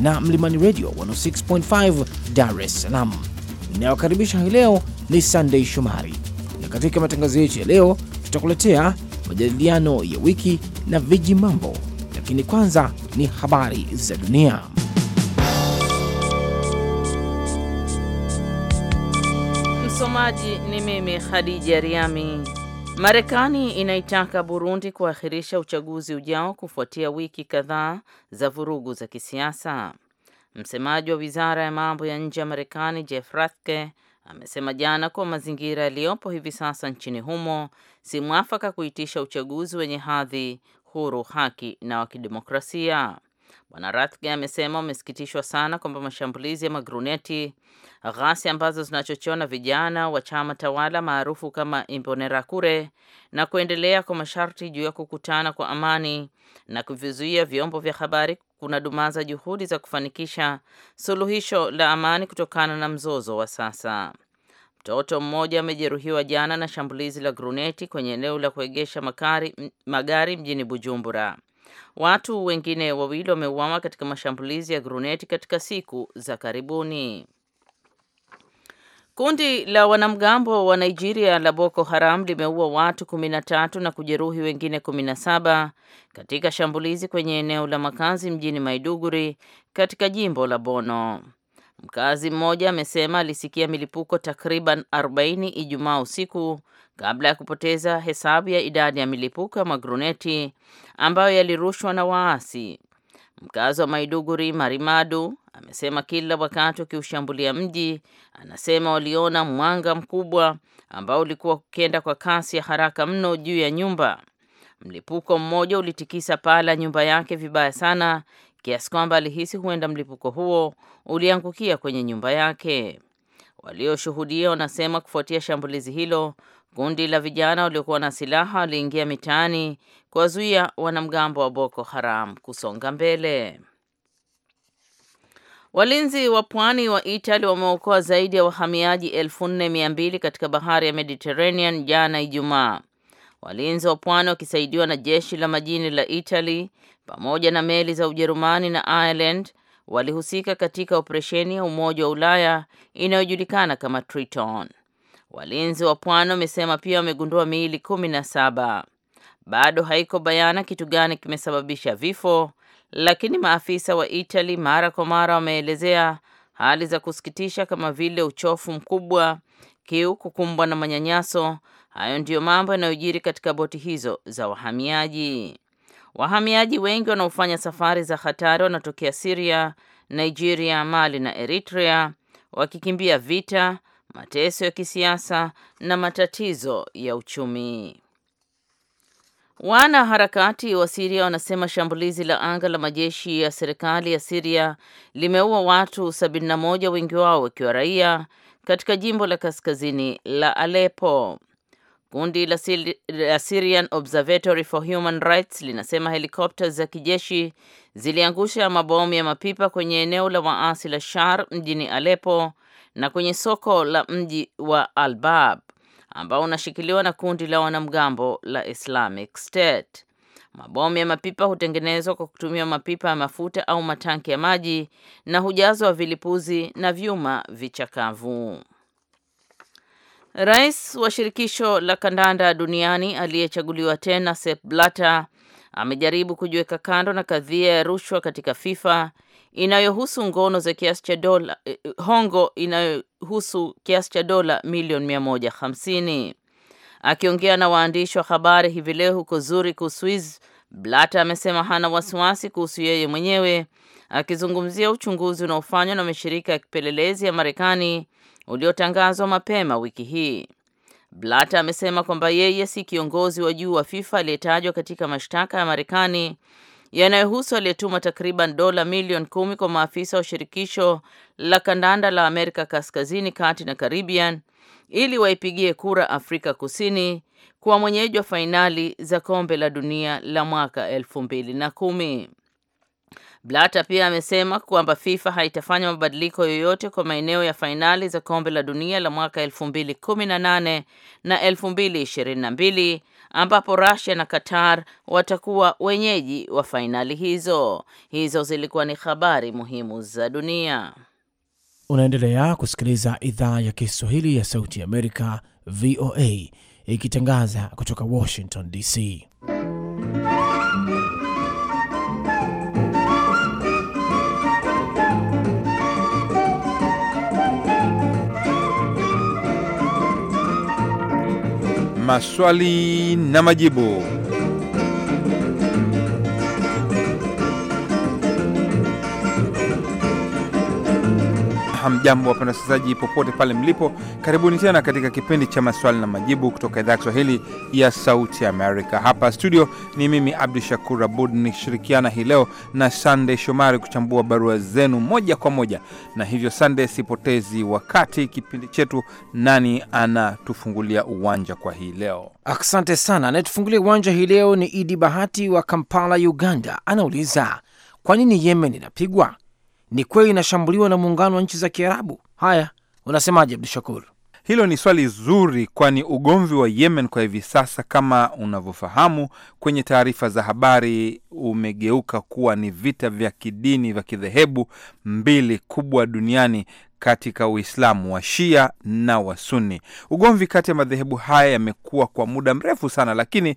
na Mlimani Radio 106.5 Dar es Salaam. Inayokaribisha hii leo ni Sunday Shomari, na katika matangazo yetu ya leo tutakuletea majadiliano ya wiki na viji mambo, lakini kwanza ni habari za dunia. Msomaji ni mimi Khadija Riami. Marekani inaitaka Burundi kuahirisha uchaguzi ujao kufuatia wiki kadhaa za vurugu za kisiasa. Msemaji wa wizara ya mambo ya nje ya Marekani Jeff Rathke amesema jana kuwa mazingira yaliyopo hivi sasa nchini humo si mwafaka kuitisha uchaguzi wenye hadhi huru, haki na wa kidemokrasia. Bwana Rathke amesema wamesikitishwa sana kwamba mashambulizi ya magruneti, ghasia ambazo zinachochewa na vijana wa chama tawala maarufu kama Imbonerakure na kuendelea kwa masharti juu ya kukutana kwa amani na kuvizuia vyombo vya habari kuna dumaza juhudi za kufanikisha suluhisho la amani kutokana na mzozo wa sasa. Mtoto mmoja amejeruhiwa jana na shambulizi la gruneti kwenye eneo la kuegesha magari mjini Bujumbura. Watu wengine wawili wameuawa katika mashambulizi ya gruneti katika siku za karibuni. Kundi la wanamgambo wa Nigeria la Boko Haram limeua watu 13 na kujeruhi wengine 17 katika shambulizi kwenye eneo la makazi mjini Maiduguri katika jimbo la Borno. Mkazi mmoja amesema alisikia milipuko takriban 40 Ijumaa usiku kabla ya kupoteza hesabu ya idadi ya milipuko ya magruneti ambayo yalirushwa na waasi. Mkazi wa Maiduguri Marimadu amesema kila wakati wakiushambulia mji, anasema waliona mwanga mkubwa ambao ulikuwa ukienda kwa kasi ya haraka mno juu ya nyumba. Mlipuko mmoja ulitikisa paa la nyumba yake vibaya sana kiasi kwamba alihisi huenda mlipuko huo uliangukia kwenye nyumba yake. Walioshuhudia wanasema kufuatia shambulizi hilo, kundi la vijana waliokuwa na silaha waliingia mitaani kuwazuia wanamgambo wa Boko Haram kusonga mbele. Walinzi wa pwani wa Itali wameokoa zaidi ya wahamiaji elfu nne mia mbili katika bahari ya Mediterranean jana Ijumaa Walinzi wa pwani wakisaidiwa na jeshi la majini la Italy pamoja na meli za Ujerumani na Ireland walihusika katika operesheni ya Umoja wa Ulaya inayojulikana kama Triton. Walinzi wa pwani wamesema pia wamegundua miili kumi na saba. Bado haiko bayana kitu gani kimesababisha vifo, lakini maafisa wa Italy mara kwa mara wameelezea hali za kusikitisha kama vile uchofu mkubwa, kiu, kukumbwa na manyanyaso Hayo ndiyo mambo yanayojiri katika boti hizo za wahamiaji. Wahamiaji wengi wanaofanya safari za hatari wanatokea Siria, Nigeria, Mali na Eritrea wakikimbia vita, mateso ya kisiasa na matatizo ya uchumi. Wanaharakati wa Siria wanasema shambulizi la anga la majeshi ya serikali ya Siria limeua watu 71 wengi wao wakiwa raia katika jimbo la kaskazini la Aleppo. Kundi la Syrian Observatory for Human Rights linasema helikopta za kijeshi ziliangusha mabomu ya mapipa kwenye eneo la waasi la Shar mjini Aleppo na kwenye soko la mji wa Al-Bab ambao unashikiliwa na kundi la wanamgambo la Islamic State. Mabomu ya mapipa hutengenezwa kwa kutumia mapipa ya mafuta au matanki ya maji na hujazwa vilipuzi na vyuma vichakavu. Rais wa shirikisho la kandanda duniani aliyechaguliwa tena Sepp Blatter amejaribu kujiweka kando na kadhia ya rushwa katika FIFA inayohusu ngono za kiasi cha dola eh, hongo inayohusu kiasi cha dola milioni 150. Akiongea na waandishi wa habari hivi leo huko Zurich, Uswiz, Blatter amesema hana wasiwasi kuhusu yeye mwenyewe, akizungumzia uchunguzi unaofanywa na mashirika ya kipelelezi ya Marekani uliotangazwa mapema wiki hii. Blatter amesema kwamba yeye si kiongozi wa juu wa FIFA aliyetajwa katika mashtaka ya Marekani yanayohusu aliyetuma takriban dola milioni kumi kwa maafisa wa shirikisho la kandanda la Amerika Kaskazini, Kati na Caribbean ili waipigie kura Afrika Kusini kuwa mwenyeji wa fainali za kombe la dunia la mwaka elfu mbili na kumi. Blatter pia amesema kwamba FIFA haitafanya mabadiliko yoyote kwa maeneo ya fainali za kombe la dunia la mwaka 2018 na 2022 ambapo Russia na Qatar watakuwa wenyeji wa fainali hizo. Hizo zilikuwa ni habari muhimu za dunia. Unaendelea kusikiliza idhaa ya Kiswahili ya Sauti ya Amerika, VOA, ikitangaza kutoka Washington DC. maswali na majibu. Hamjambo, wapenda wasikilizaji popote pale mlipo, karibuni tena katika kipindi cha maswali na majibu kutoka idhaa ya Kiswahili ya Sauti ya Amerika. Hapa studio ni mimi Abdu Shakur Abud nikishirikiana hii leo na Sande Shomari kuchambua barua zenu moja kwa moja. Na hivyo Sande, sipotezi wakati, kipindi chetu nani anatufungulia uwanja kwa hii leo? Asante sana. Anayetufungulia uwanja hii leo ni Idi Bahati wa Kampala, Uganda. Anauliza, kwa nini Yemen inapigwa? ni kweli inashambuliwa na muungano wa nchi za Kiarabu. Haya, unasemaje Abdu Shakur? Hilo ni swali zuri, kwani ugomvi wa Yemen kwa hivi sasa, kama unavyofahamu kwenye taarifa za habari, umegeuka kuwa ni vita vya kidini vya kidhehebu mbili kubwa duniani katika Uislamu wa Shia na wa Ugomvi kati ya madhehebu haya yamekuwa kwa muda mrefu sana, lakini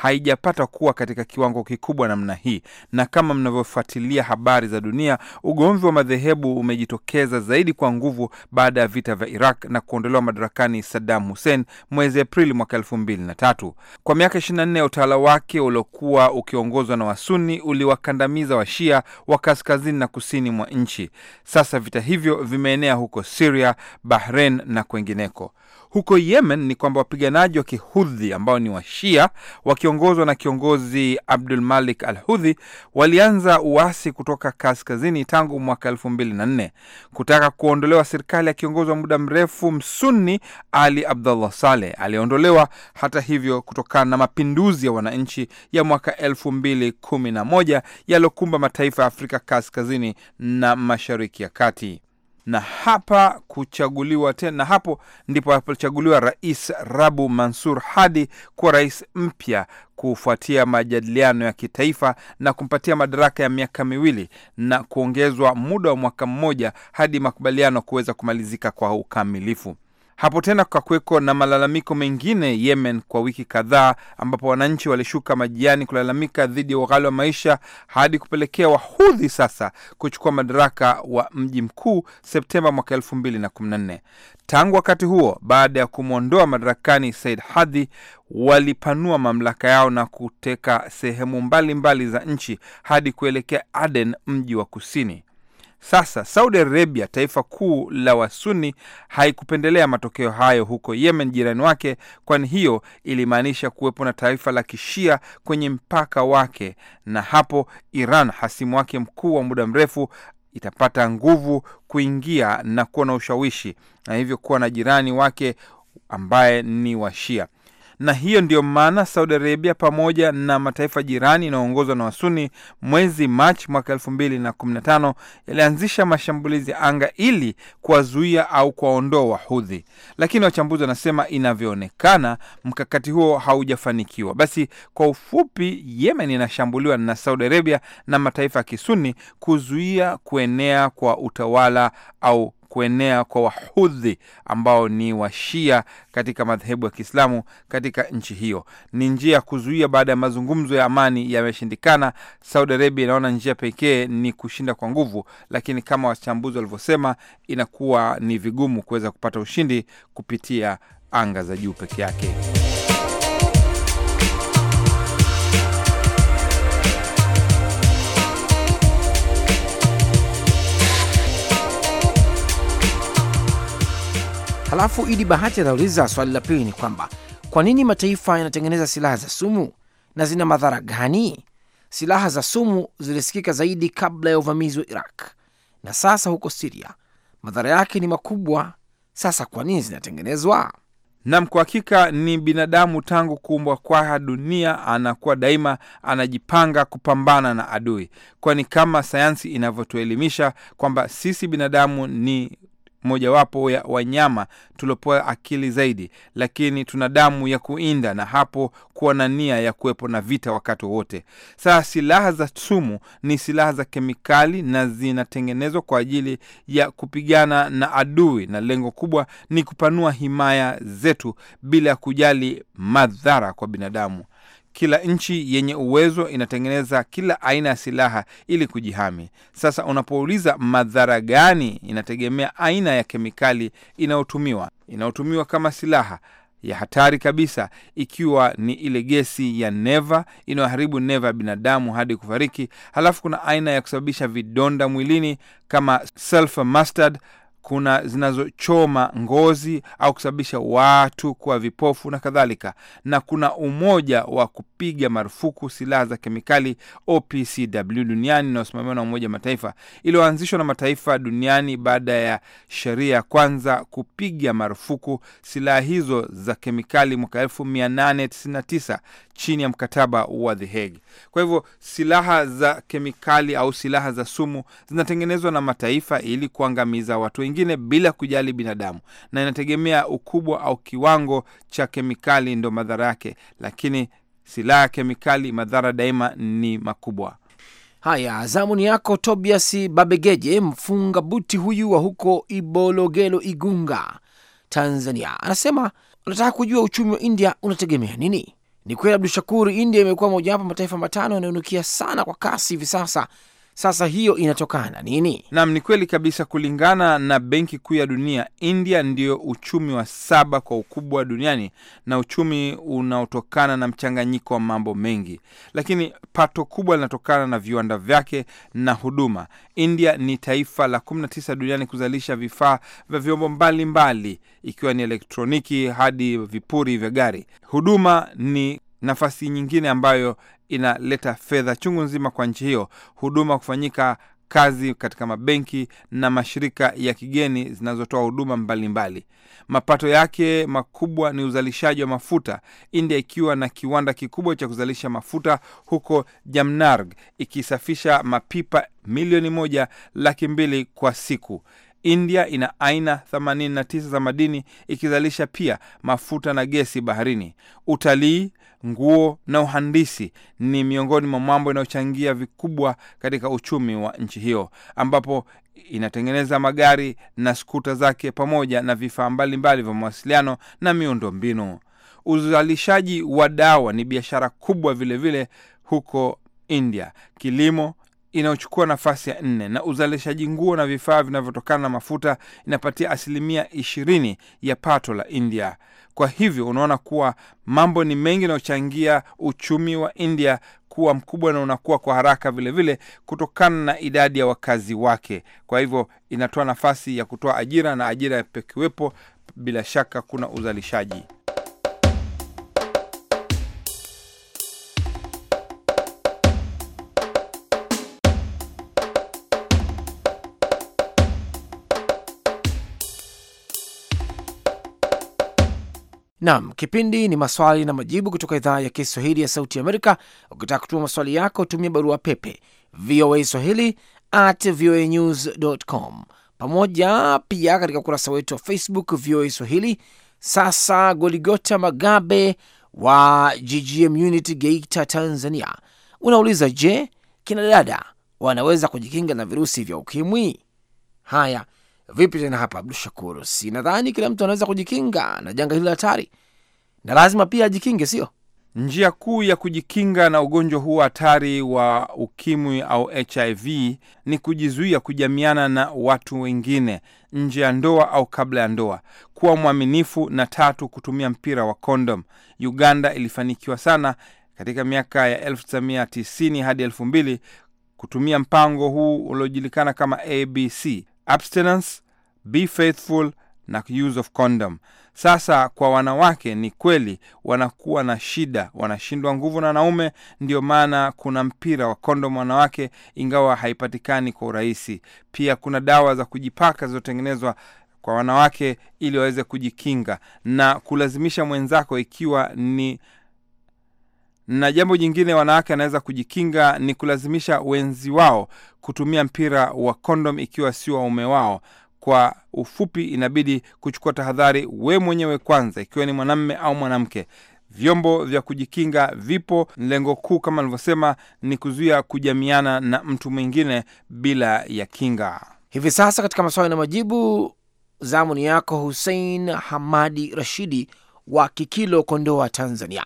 haijapata kuwa katika kiwango kikubwa namna hii, na kama mnavyofuatilia habari za dunia, ugomvi wa madhehebu umejitokeza zaidi kwa nguvu baada ya vita vya Iraq na kuondolewa madarakani Saddam Hussein mwezi Aprili mwaka elfu mbili na tatu. Kwa miaka 24 ya utawala wake uliokuwa ukiongozwa na Wasuni uliwakandamiza Washia wa kaskazini na kusini mwa nchi. Sasa vita hivyo vimeenea huko Siria, Bahrain na kwengineko. Huko Yemen ni kwamba wapiganaji wa kihudhi ambao ni washia wakiongozwa na kiongozi Abdul Malik al Hudhi walianza uasi kutoka kaskazini tangu mwaka elfu mbili na nne kutaka kuondolewa serikali akiongozwa muda mrefu msunni Ali Abdullah Saleh aliyeondolewa hata hivyo kutokana na mapinduzi ya wananchi ya mwaka elfu mbili kumi na moja yaliyokumba mataifa ya Afrika kaskazini na mashariki ya kati na hapa kuchaguliwa tena, hapo ndipo alipochaguliwa Rais Rabu Mansur Hadi kuwa rais mpya kufuatia majadiliano ya kitaifa na kumpatia madaraka ya miaka miwili na kuongezwa muda wa mwaka mmoja hadi makubaliano kuweza kumalizika kwa ukamilifu. Hapo tena kukakuweko na malalamiko mengine Yemen kwa wiki kadhaa, ambapo wananchi walishuka majiani kulalamika dhidi ya ughali wa maisha hadi kupelekea wahudhi sasa kuchukua madaraka wa mji mkuu Septemba mwaka nne. Tangu wakati huo, baada ya kumwondoa madarakani Said hadhi walipanua mamlaka yao na kuteka sehemu mbalimbali mbali za nchi hadi kuelekea Aden, mji wa kusini. Sasa Saudi Arabia, taifa kuu la Wasuni, haikupendelea matokeo hayo huko Yemen, jirani wake, kwani hiyo ilimaanisha kuwepo na taifa la kishia kwenye mpaka wake, na hapo Iran, hasimu wake mkuu wa muda mrefu, itapata nguvu kuingia na kuwa na ushawishi na hivyo kuwa na jirani wake ambaye ni Washia na hiyo ndiyo maana Saudi Arabia pamoja na mataifa jirani inayoongozwa na Wasuni mwezi Machi mwaka tano yalianzisha mashambulizi ya anga ili kuwazuia au kuwaondoa Wahudhi, lakini wachambuzi wanasema inavyoonekana mkakati huo haujafanikiwa. Basi kwa ufupi, Yemen inashambuliwa na Saudi Arabia na mataifa ya Kisuni kuzuia kuenea kwa utawala au kuenea kwa wahudhi ambao ni washia katika madhehebu ya Kiislamu katika nchi hiyo. Ni njia ya kuzuia. Baada ya mazungumzo ya amani yameshindikana, Saudi Arabia inaona njia pekee ni kushinda kwa nguvu, lakini kama wachambuzi walivyosema, inakuwa ni vigumu kuweza kupata ushindi kupitia anga za juu peke yake. Halafu Idi Bahati anauliza swali la pili ni kwamba kwa nini mataifa yanatengeneza silaha za sumu na zina madhara gani? Silaha za sumu zilisikika zaidi kabla ya uvamizi wa Iraq na sasa huko Siria, madhara yake ni makubwa. Sasa kwa nini zinatengenezwa? Nam, kwa hakika ni binadamu tangu kuumbwa kwa dunia anakuwa daima anajipanga kupambana na adui, kwani kama sayansi inavyotuelimisha kwamba sisi binadamu ni mojawapo ya wanyama tuliopewa akili zaidi, lakini tuna damu ya kuinda na hapo kuwa na nia ya kuwepo na vita wakati wowote. Sasa silaha za sumu ni silaha za kemikali na zinatengenezwa kwa ajili ya kupigana na adui, na lengo kubwa ni kupanua himaya zetu bila ya kujali madhara kwa binadamu. Kila nchi yenye uwezo inatengeneza kila aina ya silaha ili kujihami. Sasa unapouliza madhara gani, inategemea aina ya kemikali inayotumiwa. Inayotumiwa kama silaha ya hatari kabisa, ikiwa ni ile gesi ya neva inayoharibu neva ya binadamu hadi kufariki. Halafu kuna aina ya kusababisha vidonda mwilini kama sulfur mustard kuna zinazochoma ngozi au kusababisha watu kuwa vipofu na kadhalika, na kuna umoja wa kupiga marufuku silaha za kemikali OPCW duniani inayosimamiwa na Umoja wa Mataifa, iliyoanzishwa na mataifa duniani baada ya sheria ya kwanza kupiga marufuku silaha hizo za kemikali mwaka 1899 chini ya mkataba wa The Hague. Kwa hivyo silaha za kemikali au silaha za sumu zinatengenezwa na mataifa ili kuangamiza watu wengine mwingine bila kujali binadamu, na inategemea ukubwa au kiwango cha kemikali ndo madhara yake, lakini silaha ya kemikali madhara daima ni makubwa. Haya, zamu ni yako Tobias Babegeje, mfunga buti huyu wa huko Ibologelo, Igunga, Tanzania. Anasema unataka kujua uchumi wa India unategemea nini? Ni kweli Abdu Shakur, India imekuwa mojawapo mataifa matano yanayonukia sana kwa kasi hivi sasa sasa hiyo inatokana nini? Nam, ni kweli kabisa. Kulingana na Benki Kuu ya Dunia, India ndiyo uchumi wa saba kwa ukubwa duniani na uchumi unaotokana na mchanganyiko wa mambo mengi, lakini pato kubwa linatokana na viwanda vyake na huduma. India ni taifa la 19 duniani kuzalisha vifaa vya vyombo mbalimbali, ikiwa ni elektroniki hadi vipuri vya gari. Huduma ni nafasi nyingine ambayo inaleta fedha chungu nzima kwa nchi hiyo, huduma kufanyika kazi katika mabenki na mashirika ya kigeni zinazotoa huduma mbalimbali. Mapato yake makubwa ni uzalishaji wa mafuta, India ikiwa na kiwanda kikubwa cha kuzalisha mafuta huko jamnarg ikisafisha mapipa milioni moja laki mbili kwa siku. India ina aina 89 za madini ikizalisha pia mafuta na gesi baharini. Utalii, nguo na uhandisi ni miongoni mwa mambo inayochangia vikubwa katika uchumi wa nchi hiyo, ambapo inatengeneza magari na skuta zake pamoja na vifaa mbalimbali vya mawasiliano na miundo mbinu. Uzalishaji wa dawa ni biashara kubwa vilevile vile huko India, kilimo inayochukua nafasi ya nne na uzalishaji nguo na vifaa vinavyotokana na mafuta inapatia asilimia ishirini ya pato la India. Kwa hivyo unaona kuwa mambo ni mengi yanayochangia uchumi wa India kuwa mkubwa na unakuwa kwa haraka vilevile kutokana na idadi ya wakazi wake. Kwa hivyo inatoa nafasi ya kutoa ajira na ajira pekiwepo bila shaka kuna uzalishaji Nam, kipindi ni maswali na majibu kutoka idhaa ya Kiswahili ya Sauti Amerika. Ukitaka kutuma maswali yako, tumia barua pepe VOA swahili at voa news com, pamoja pia katika ukurasa wetu wa Facebook VOA Swahili. Sasa Goligota Magabe wa GGM Unit Geita, Tanzania, unauliza je, kina dada wanaweza kujikinga na virusi vya ukimwi? Haya, Vipi tena hapa, Abdu Shakur? Si nadhani kila mtu anaweza kujikinga na janga hili hatari, na lazima pia ajikinge, sio? Njia kuu ya kujikinga na ugonjwa huu hatari wa ukimwi au HIV ni kujizuia kujamiana na watu wengine nje ya ndoa au kabla ya ndoa, kuwa mwaminifu, na tatu, kutumia mpira wa kondom. Uganda ilifanikiwa sana katika miaka ya 1990 hadi 2000 kutumia mpango huu uliojulikana kama ABC abstinence, be faithful na use of condom. Sasa kwa wanawake ni kweli wanakuwa na shida, wanashindwa nguvu na wanaume. Ndio maana kuna mpira wa kondom wanawake, ingawa haipatikani kwa urahisi. Pia kuna dawa za kujipaka zilizotengenezwa kwa wanawake ili waweze kujikinga na kulazimisha mwenzako, ikiwa ni na jambo jingine wanawake wanaweza kujikinga ni kulazimisha wenzi wao kutumia mpira wa kondom ikiwa sio waume wao. Kwa ufupi, inabidi kuchukua tahadhari we mwenyewe kwanza, ikiwa ni mwanamme au mwanamke. Vyombo vya kujikinga vipo. Lengo kuu kama alivyosema ni kuzuia kujamiana na mtu mwingine bila ya kinga. Hivi sasa katika maswali na majibu, zamu ni yako husein Hamadi Rashidi wa Kikilo, Kondoa, Tanzania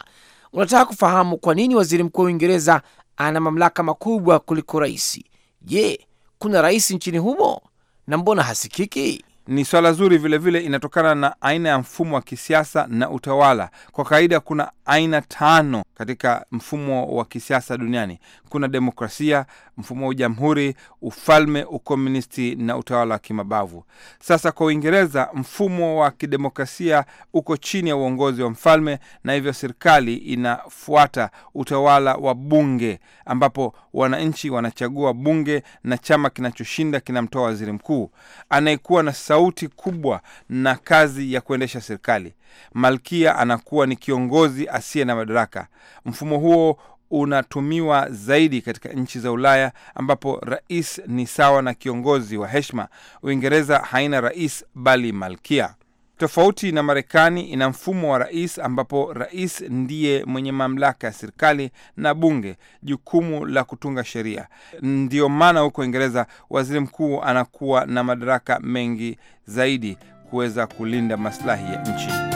unataka kufahamu kwa nini waziri mkuu wa Uingereza ana mamlaka makubwa kuliko rais. Je, kuna rais nchini humo na mbona hasikiki? ni swala zuri vilevile, vile inatokana na aina ya mfumo wa kisiasa na utawala. Kwa kawaida kuna aina tano katika mfumo wa kisiasa duniani: kuna demokrasia, mfumo wa ujamhuri ufalme, ukomunisti na utawala wa kimabavu. Sasa kwa Uingereza, mfumo wa kidemokrasia uko chini ya uongozi wa mfalme, na hivyo serikali inafuata utawala wa bunge, ambapo wananchi wanachagua bunge na chama kinachoshinda kinamtoa waziri mkuu anayekuwa na sauti kubwa na kazi ya kuendesha serikali. Malkia anakuwa ni kiongozi asiye na madaraka. Mfumo huo unatumiwa zaidi katika nchi za Ulaya ambapo rais ni sawa na kiongozi wa heshima. Uingereza haina rais bali malkia. Tofauti na Marekani ina mfumo wa rais, ambapo rais ndiye mwenye mamlaka ya serikali na bunge jukumu la kutunga sheria. Ndiyo maana huko Uingereza waziri mkuu anakuwa na madaraka mengi zaidi kuweza kulinda maslahi ya nchi.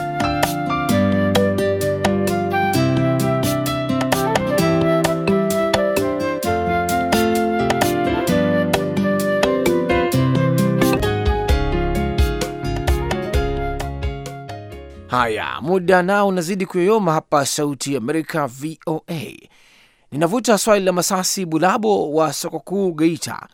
Haya, muda nao unazidi kuyoyoma hapa Sauti ya Amerika, VOA. Ninavuta swali la Masasi Bulabo wa soko kuu Geita,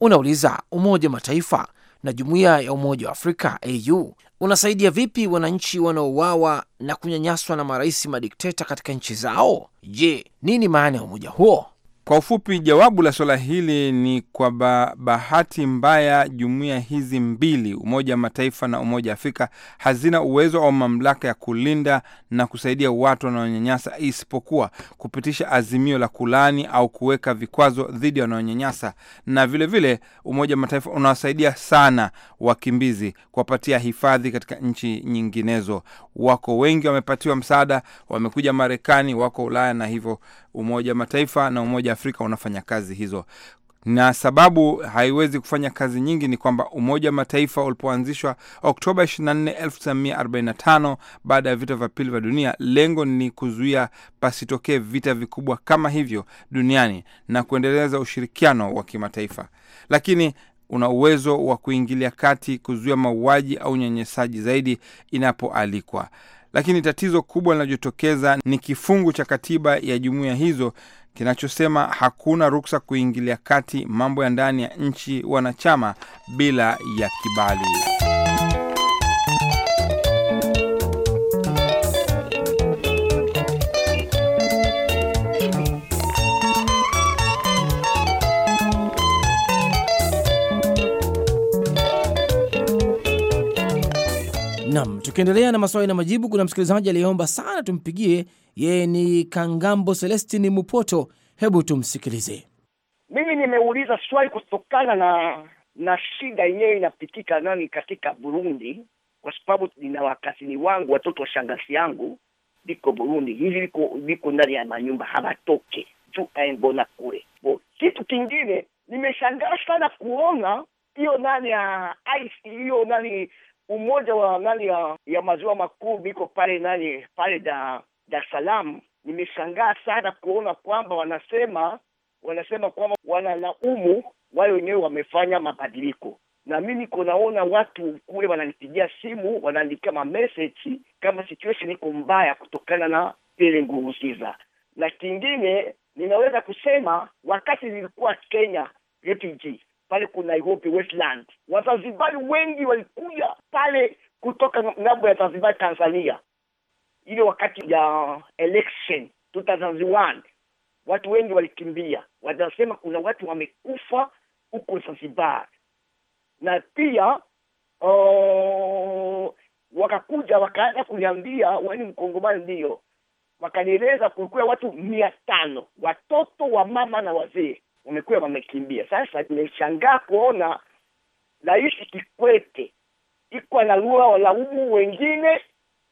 unauliza Umoja wa Mataifa na Jumuiya ya Umoja wa Afrika au unasaidia vipi wananchi wanaouawa na kunyanyaswa na marais madikteta katika nchi zao? Je, nini maana ya umoja huo? Kwa ufupi, jawabu la suala hili ni kwa bahati mbaya, jumuiya hizi mbili, Umoja wa Mataifa na Umoja wa Afrika, hazina uwezo au mamlaka ya kulinda na kusaidia watu wanaonyanyasa, isipokuwa kupitisha azimio la kulani au kuweka vikwazo dhidi ya wanaonyanyasa. Na vilevile vile, Umoja wa Mataifa unawasaidia sana wakimbizi, kuwapatia hifadhi katika nchi nyinginezo. Wako wengi wamepatiwa msaada, wamekuja Marekani, wako Ulaya, na hivyo Umoja wa Mataifa na Umoja Afrika unafanya kazi hizo, na sababu haiwezi kufanya kazi nyingi ni kwamba Umoja wa Mataifa ulipoanzishwa Oktoba 24, 1945 baada ya vita vya pili vya dunia, lengo ni kuzuia pasitokee vita vikubwa kama hivyo duniani na kuendeleza ushirikiano wa kimataifa, lakini una uwezo wa kuingilia kati kuzuia mauaji au unyanyasaji zaidi inapoalikwa. Lakini tatizo kubwa linalojitokeza ni kifungu cha katiba ya jumuiya hizo kinachosema hakuna ruksa kuingilia kati mambo ya ndani ya nchi wanachama bila ya kibali. Nam, tukiendelea na maswali na majibu, kuna msikilizaji aliyeomba sana tumpigie yeye ni Kangambo Celestini Mupoto. Hebu tumsikilize. Mimi nimeuliza swali kutokana na na shida yenyewe inapitika nani katika Burundi, kwa sababu nina wakazini wangu watoto wa shangazi yangu liko Burundi hivi, liko liko ndani ya manyumba hawatoke juu aembona kule bo. Kitu kingine nimeshangaa sana kuona hiyo nani ya ice hiyo nani umoja wa nani ya, ya maziwa makuu viko pale nani pale da Dar es Salaam, nimeshangaa sana kuona kwamba wanasema wanasema kwamba wanalaumu wale wenyewe wamefanya mabadiliko, na mi niko naona watu kule wananipigia simu, wanaandikia mameseji kama situation iko mbaya kutokana na Pierre Nkurunziza. Na kingine ninaweza kusema wakati nilikuwa Kenya refugee pale kuna Nairobi Westland, Wazanzibari wengi walikuja pale kutoka ng'ambo ya Zanzibar, Tanzania, ile wakati ya election 2001 watu wengi walikimbia, wanasema kuna watu wamekufa huko Zanzibar, na pia uh, wakakuja wakaanza kuniambia wani mkongomani ndiyo, wakanieleza kulikuwa watu mia tano watoto wa mama na wazee wamekuwa wamekimbia. Sasa nimeshangaa kuona raisi Kikwete iko analua walaumu wengine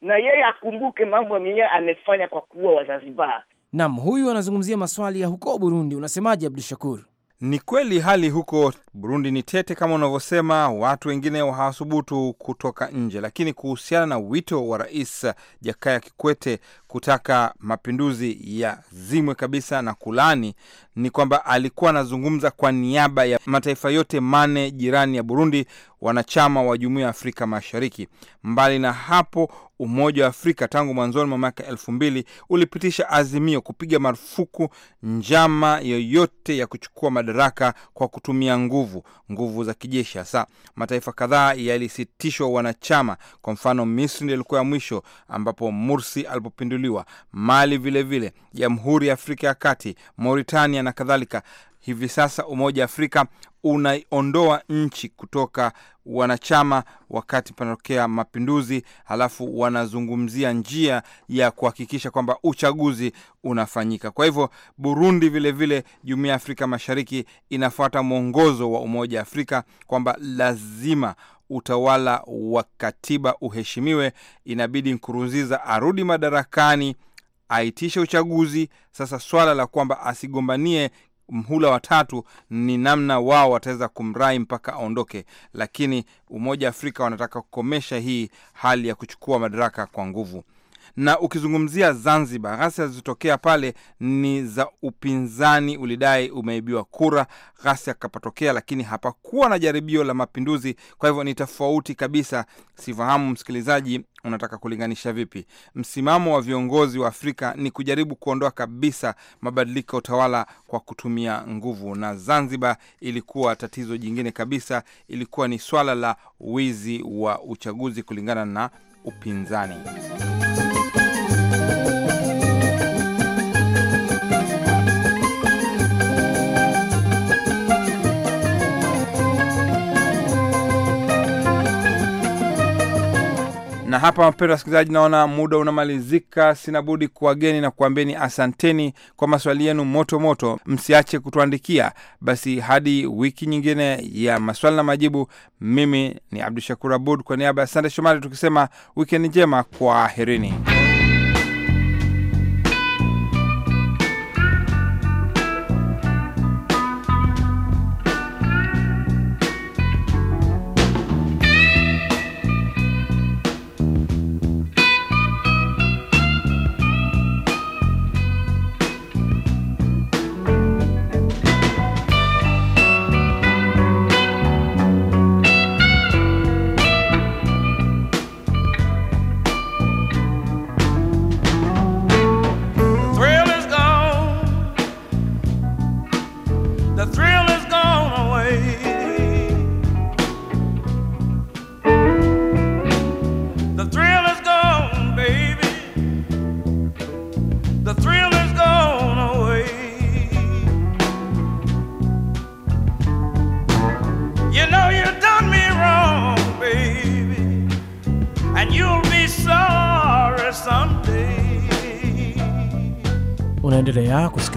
na yeye akumbuke mambo yenyewe amefanya kwa kuwa Wazanzibar. Naam, huyu anazungumzia maswali ya huko Burundi. Unasemaje Abdul Shakur? Ni kweli hali huko Burundi ni tete kama unavyosema, watu wengine hawathubutu kutoka nje. Lakini kuhusiana na wito wa Rais Jakaya Kikwete kutaka mapinduzi ya zimwe kabisa na kulani, ni kwamba alikuwa anazungumza kwa niaba ya mataifa yote mane jirani ya Burundi, wanachama wa Jumuiya ya Afrika Mashariki. Mbali na hapo, Umoja wa Afrika tangu mwanzoni mwa miaka elfu mbili ulipitisha azimio kupiga marufuku njama yoyote ya kuchukua madaraka kwa kutumia nguvu, nguvu za kijeshi hasa. Mataifa kadhaa yalisitishwa wanachama. Kwa mfano, Misri ndiyo ilikuwa ya mwisho ambapo Mursi alipopinduliwa, Mali vilevile, Jamhuri ya Afrika ya Kati, Mauritania na kadhalika hivi sasa Umoja wa Afrika unaondoa nchi kutoka wanachama wakati panatokea mapinduzi, halafu wanazungumzia njia ya kuhakikisha kwamba uchaguzi unafanyika. Kwa hivyo, Burundi vilevile, Jumuiya ya Afrika Mashariki inafuata mwongozo wa Umoja wa Afrika kwamba lazima utawala wa katiba uheshimiwe. Inabidi Nkurunziza arudi madarakani, aitishe uchaguzi. Sasa swala la kwamba asigombanie mhula watatu ni namna wao wataweza kumrai mpaka aondoke, lakini Umoja wa Afrika wanataka kukomesha hii hali ya kuchukua madaraka kwa nguvu. Na ukizungumzia Zanzibar, ghasia zilizotokea pale ni za upinzani, ulidai umeibiwa kura, ghasia kapatokea, lakini hapakuwa na jaribio la mapinduzi. Kwa hivyo ni tofauti kabisa. Sifahamu msikilizaji unataka kulinganisha vipi? Msimamo wa viongozi wa Afrika ni kujaribu kuondoa kabisa mabadiliko ya utawala kwa kutumia nguvu, na Zanzibar ilikuwa tatizo jingine kabisa. Ilikuwa ni swala la wizi wa uchaguzi kulingana na upinzani. Na hapa mpendwa wasikilizaji, naona muda unamalizika, sina budi kuwageni na kuambeni asanteni kwa maswali yenu moto moto, msiache kutuandikia. Basi hadi wiki nyingine ya maswali na majibu, mimi ni Abdu Shakur Abud kwa niaba ya Sande Shomari tukisema wikendi njema, kwaherini.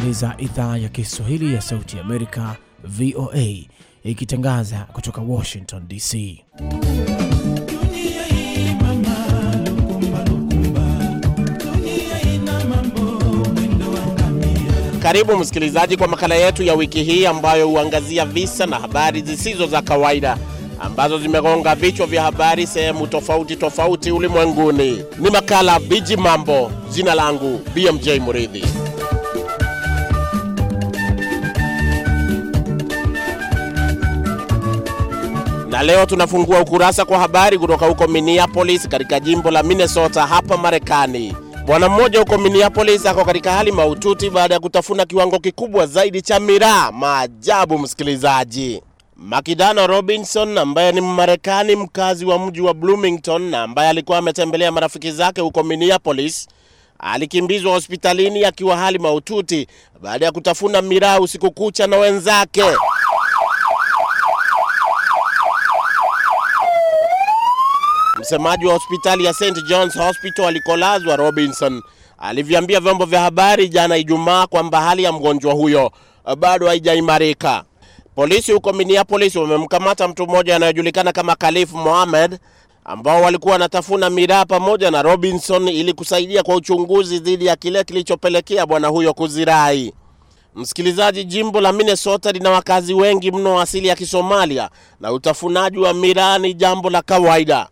unasikiliza idhaa ya Kiswahili ya Sauti ya Amerika, VOA, ikitangaza kutoka Washington DC. Karibu msikilizaji, kwa makala yetu ya wiki hii ambayo huangazia visa na habari zisizo za kawaida ambazo zimegonga vichwa vya habari sehemu tofauti tofauti ulimwenguni. Ni makala Biji Mambo. Jina langu BMJ Muridhi. Na leo tunafungua ukurasa kwa habari kutoka huko Minneapolis katika jimbo la Minnesota hapa Marekani. Bwana mmoja huko Minneapolis ako katika hali mahututi baada ya kutafuna kiwango kikubwa zaidi cha miraa. Maajabu, msikilizaji. Makidano Robinson ambaye ni Mmarekani mkazi wa mji wa Bloomington na ambaye alikuwa ametembelea marafiki zake huko Minneapolis alikimbizwa hospitalini akiwa hali mahututi baada ya kutafuna miraa usiku kucha na wenzake. Msemaji wa hospitali ya St John's Hospital alikolazwa Robinson aliviambia vyombo vya habari jana Ijumaa kwamba hali ya mgonjwa huyo eh, bado haijaimarika. Polisi huko Minneapolis wamemkamata mtu mmoja anayejulikana kama Khalif Mohamed ambao walikuwa wanatafuna miraa pamoja na Robinson ili kusaidia kwa uchunguzi dhidi ya kile kilichopelekea bwana huyo kuzirai. Msikilizaji, jimbo la Minnesota lina wakazi wengi mno asili ya Kisomalia na utafunaji wa miraa ni jambo la kawaida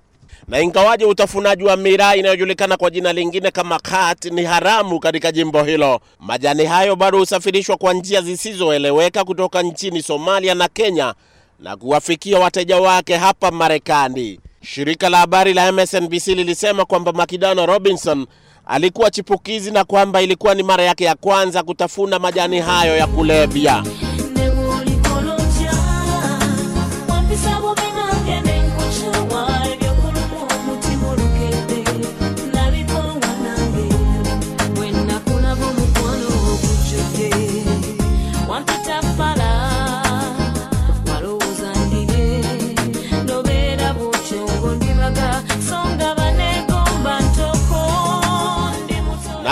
na ingawaje utafunaji wa miraa inayojulikana kwa jina lingine kama kat ni haramu katika jimbo hilo, majani hayo bado husafirishwa kwa njia zisizoeleweka kutoka nchini Somalia na Kenya na kuwafikia wateja wake hapa Marekani. Shirika la habari la MSNBC lilisema kwamba Makidano Robinson alikuwa chipukizi na kwamba ilikuwa ni mara yake ya kwanza kutafuna majani hayo ya kulevya.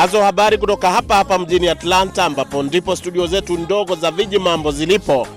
Nazo habari kutoka hapa hapa mjini Atlanta, ambapo ndipo studio zetu ndogo za viji mambo zilipo,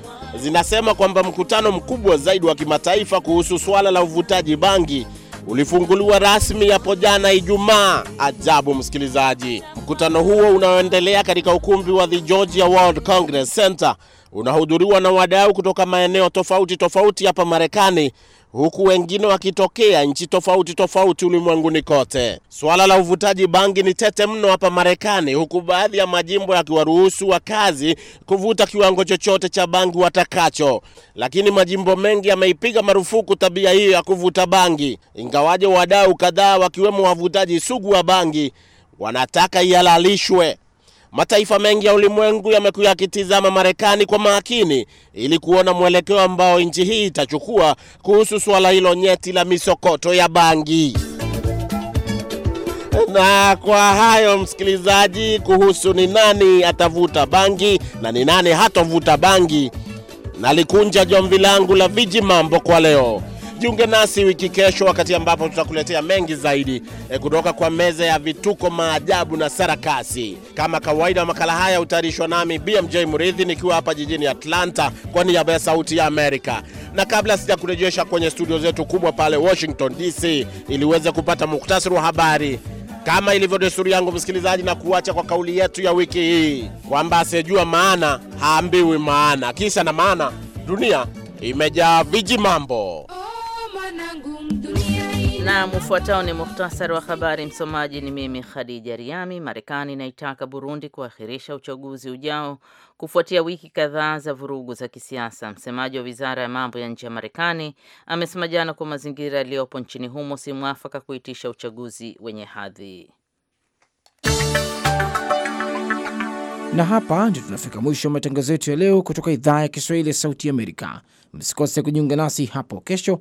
zinasema kwamba mkutano mkubwa zaidi wa kimataifa kuhusu swala la uvutaji bangi ulifunguliwa rasmi hapo jana Ijumaa. Ajabu msikilizaji, mkutano huo unaoendelea katika ukumbi wa The Georgia World Congress Center unahudhuriwa na wadau kutoka maeneo tofauti tofauti hapa Marekani, huku wengine wakitokea nchi tofauti tofauti ulimwenguni kote. Swala la uvutaji bangi ni tete mno hapa Marekani, huku baadhi ya majimbo yakiwaruhusu wakazi kuvuta kiwango chochote cha bangi watakacho, lakini majimbo mengi yameipiga marufuku tabia hiyo ya kuvuta bangi, ingawaje wadau kadhaa wakiwemo wavutaji sugu wa bangi wanataka ihalalishwe. Mataifa mengi ya ulimwengu yamekuwa yakitizama Marekani kwa makini ili kuona mwelekeo ambao nchi hii itachukua kuhusu suala hilo nyeti la misokoto ya bangi. Na kwa hayo msikilizaji, kuhusu ni nani atavuta bangi na ni nani hatovuta bangi, nalikunja jomvi langu la viji mambo kwa leo. Jiunge nasi wiki kesho, wakati ambapo tutakuletea mengi zaidi e, kutoka kwa meza ya vituko, maajabu na sarakasi. Kama kawaida, makala haya hutayarishwa nami BMJ Murithi nikiwa hapa jijini Atlanta kwa niaba ya Sauti ya Amerika, na kabla sijakurejesha kwenye studio zetu kubwa pale Washington DC ili uweze kupata muktasari wa habari kama ilivyo desturi yangu, msikilizaji, na kuacha kwa kauli yetu ya wiki hii kwamba asiyejua maana haambiwi maana. Kisa na maana, dunia imejaa viji mambo. Na ufuatao ni muhtasari wa habari. Msomaji ni mimi Khadija Riami. Marekani inaitaka Burundi kuahirisha uchaguzi ujao kufuatia wiki kadhaa za vurugu za kisiasa. Msemaji wa wizara ya mambo ya nje ya Marekani amesema jana kwa mazingira yaliyopo nchini humo si mwafaka kuitisha uchaguzi wenye hadhi. Na hapa ndio tunafika mwisho wa matangazo yetu ya leo kutoka idhaa ya Kiswahili ya Sauti Amerika. Msikose kujiunga nasi hapo kesho